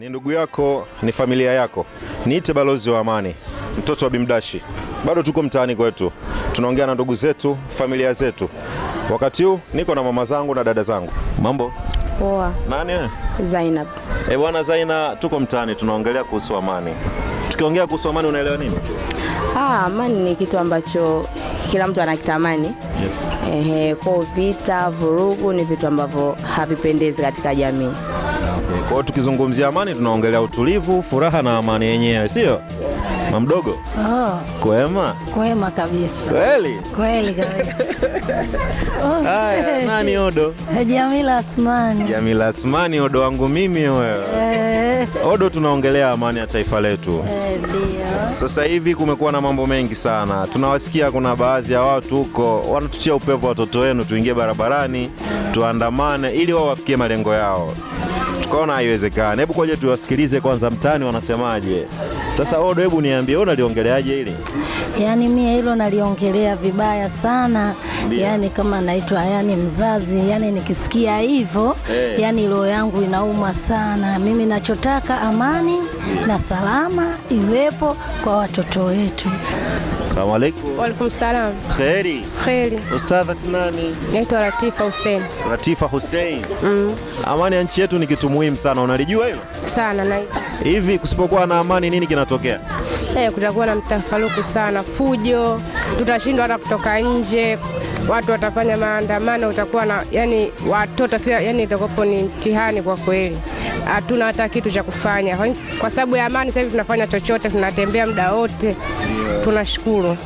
ni ndugu yako, ni familia yako. Niite balozi wa amani, mtoto wa Bimdashi. Bado tuko mtaani kwetu, tunaongea na ndugu zetu, familia zetu. Wakati huu niko na mama zangu na dada zangu. Mambo poa? Nani? Zainab. Eh bwana Zaina, tuko mtaani tunaongelea kuhusu amani. Tukiongea kuhusu amani, unaelewa nini? Ah, amani ni kitu ambacho kila mtu anakitamani. Yes. Ehe, kwa vita, vurugu ni vitu ambavyo havipendezi katika jamii. Kwa hiyo tukizungumzia amani tunaongelea utulivu, furaha na amani yenyewe, sio mamdogo? Oh. Kwema? Kwema kabisa. Kweli? Kweli kabisa. Haya, oh. nani Odo? Jamila Asmani. Jamila Asmani, Odo wangu mimi wewe. Eh. Odo, tunaongelea amani ya taifa letu. Eh, ndio. Sasa hivi kumekuwa na mambo mengi sana, tunawasikia kuna baadhi ya watu huko wanatuchia upepo watoto wenu tuingie barabarani tuandamane ili wao wafikie malengo yao. Tukaona haiwezekani, hebu koje tuwasikilize kwanza mtaani wanasemaje. Sasa Odo, hebu niambie wewe unaliongeleaje hili? Yaani mie hilo naliongelea vibaya sana Bia. Yani kama naitwa yani mzazi, yani nikisikia hivyo hey. Eh. Yani roho yangu inaumwa sana. Mimi nachotaka amani na salama iwepo kwa watoto wetu. Asalamu alaykum. Wa alaykum salam. Kheri. Kheri. Ustadha nani? Naitwa Latifa Hussein. Latifa Hussein. Mm. Amani ya nchi yetu ni kitu muhimu sana, unalijua hilo? Sana na hivi kusipokuwa na amani nini kinatokea? Eh, kutakuwa na mtafaruku sana, fujo, tutashindwa hata kutoka nje, watu watafanya maandamano, utakuwa na yani watoto yani itakuwa ni mtihani kwa kweli hatuna hata kitu cha kufanya. Kwa sababu ya amani, sasa hivi tunafanya chochote, tunatembea muda wote, tunashukuru.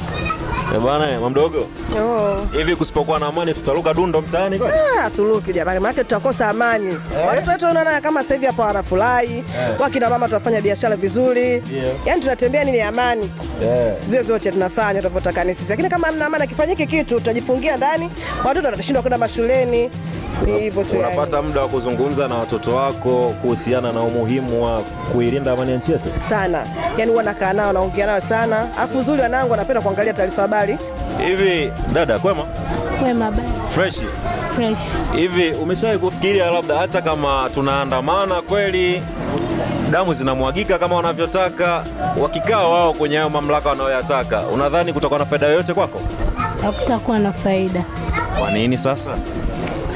Eh, bwana mamdogo, oh. hivi kusipokuwa na amani tutaruka dundo mtaani kwani? Ah, turuki jamani, maana tutakosa amani eh. Watoto wetu unaona kama sasa hivi hapa wanafurahi eh. Wakina mama tunafanya biashara vizuri yeah. yani tunatembea nini amani yeah. Vyo vyote tunafanya tunavyotaka sisi, lakini kama hamna amani, akifanyiki kitu tutajifungia ndani, watoto watashindwa kwenda mashuleni hivyo tu, unapata muda wa kuzungumza na watoto wako kuhusiana na umuhimu wa kuilinda amani ya nchi yetu sana. Yani huwa nakaa nao naongea nao sana, afu uzuri wanangu wanapenda kuangalia taarifa habari. Hivi dada, kwema? Kwema baba. Fresh. Fresh. Hivi umeshawahi kufikiria labda hata kama tunaandamana kweli damu zinamwagika kama wanavyotaka, wakikaa wao kwenye hayo mamlaka wanayoyataka, unadhani kutakuwa na faida yoyote kwako? Hakutakuwa na faida. Kwa nini sasa?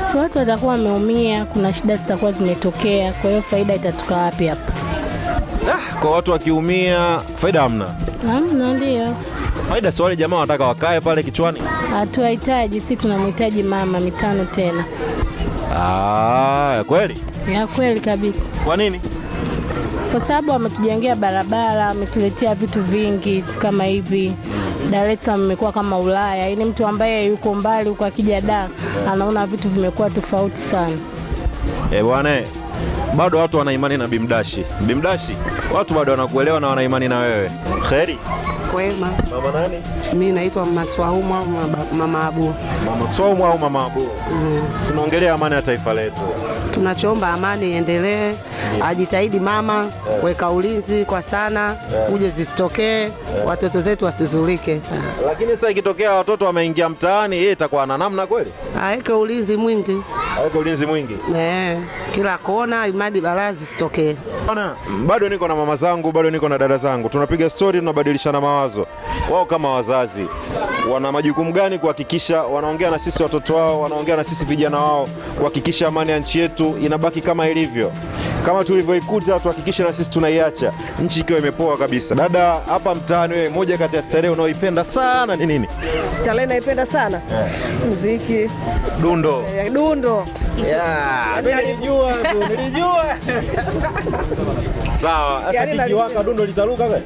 basi watu watakuwa wameumia, kuna shida zitakuwa zimetokea. Kwa hiyo faida itatoka wapi hapo? Ah, kwa watu wakiumia faida hamna, hamna. Ndio faida, si wale jamaa wanataka wakae pale kichwani. Hatuwahitaji, si tunamhitaji mama mitano tena. Ah, ya kweli, ya kweli kabisa. Kwa nini? Kwa sababu ametujengea barabara, wametuletea vitu vingi kama hivi Dar es Salaam imekuwa kama Ulaya, yaani mtu ambaye yuko mbali huko akija Dar anaona vitu vimekuwa tofauti sana. Eh, bwana eh, bado watu wana imani na Bimdashi. Bimdashi, watu bado wanakuelewa na wana imani na wewe. Kheri. Kwema. Mama nani? Mimi naitwa Mama Swaumu au Mama Abu. Mama Swaumu au Mama Abu. Mm. Tunaongelea amani ya taifa letu. Tunachoomba amani iendelee ajitahidi mama yeah. Weka ulinzi kwa sana yeah. Uje zisitokee yeah. Watoto zetu wasizulike yeah. Lakini sasa ikitokea watoto wameingia mtaani, yeye eh, itakuwa na namna kweli, aweke ulinzi mwingi, aweke ulinzi mwingi yeah. Kila kona, imadi baraa zisitokee. Bado niko na mama zangu, bado niko na dada zangu, tunapiga stori, tunabadilishana mawazo. Wao kama wazazi wana majukumu gani kuhakikisha wanaongea na sisi watoto wao, wanaongea na sisi vijana wao kuhakikisha amani ya nchi yetu inabaki kama ilivyo kama kama tulivyoikuta, tuhakikishe na sisi tunaiacha nchi ikiwa imepoa kabisa. Dada hapa mtaani, wewe moja kati ya starehe unaoipenda sana ni nini? Starehe naipenda sana yeah. Muziki, dundo eh, dundo yeah. nilijua nilijua Sawa. Yaani Sasa waka dundo litaruka wewe?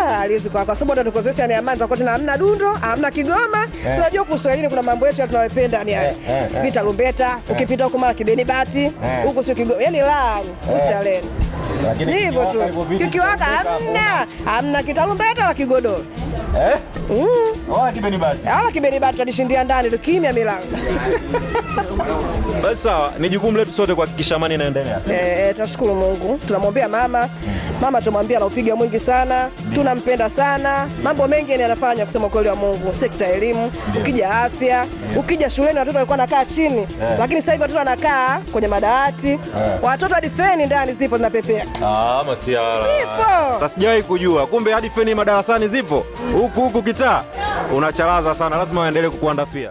Ah, haliwezi kwa kwa sababu hata tukosesha ni amani tutakuwa tuna hamna dundo, hamna Kigoma. Tunajua eh. kwa Kiswahili kuna mambo yetu tunayopenda ni yale. Eh, eh, Pita lumbeta, ukipita huko mara kibeni bati, huko sio Kigoma. Yaani la, ustaleni. Hivyo tu. Kikiwaka hamna, hamna kitalumbeta la kigodoro. Eh? Mm. Wala kibeni bati. Wala kibeni bati tunishindia ndani tukimya milango. Basi sawa, ni jukumu letu sote kuhakikisha amani inaendelea. Eh, eh tunashukuru Mungu. Tunamwombea mama. Mm. Mama tumwambia anaupiga mwingi sana, tunampenda sana. Mambo mengi yanafanya kusema kweli wa Mungu, sekta ya elimu, ukija afya, ukija shuleni watoto walikuwa wanakaa chini, eh. lakini sasa hivi watoto wanakaa kwenye madawati, eh. watoto hadi feni ndani zipo zinapepea. Ah, kujua. Kumbe hadi feni madarasani zipo. Mm. Huku huku kitaa. Unachalaza sana, lazima waendelee kukuandafia.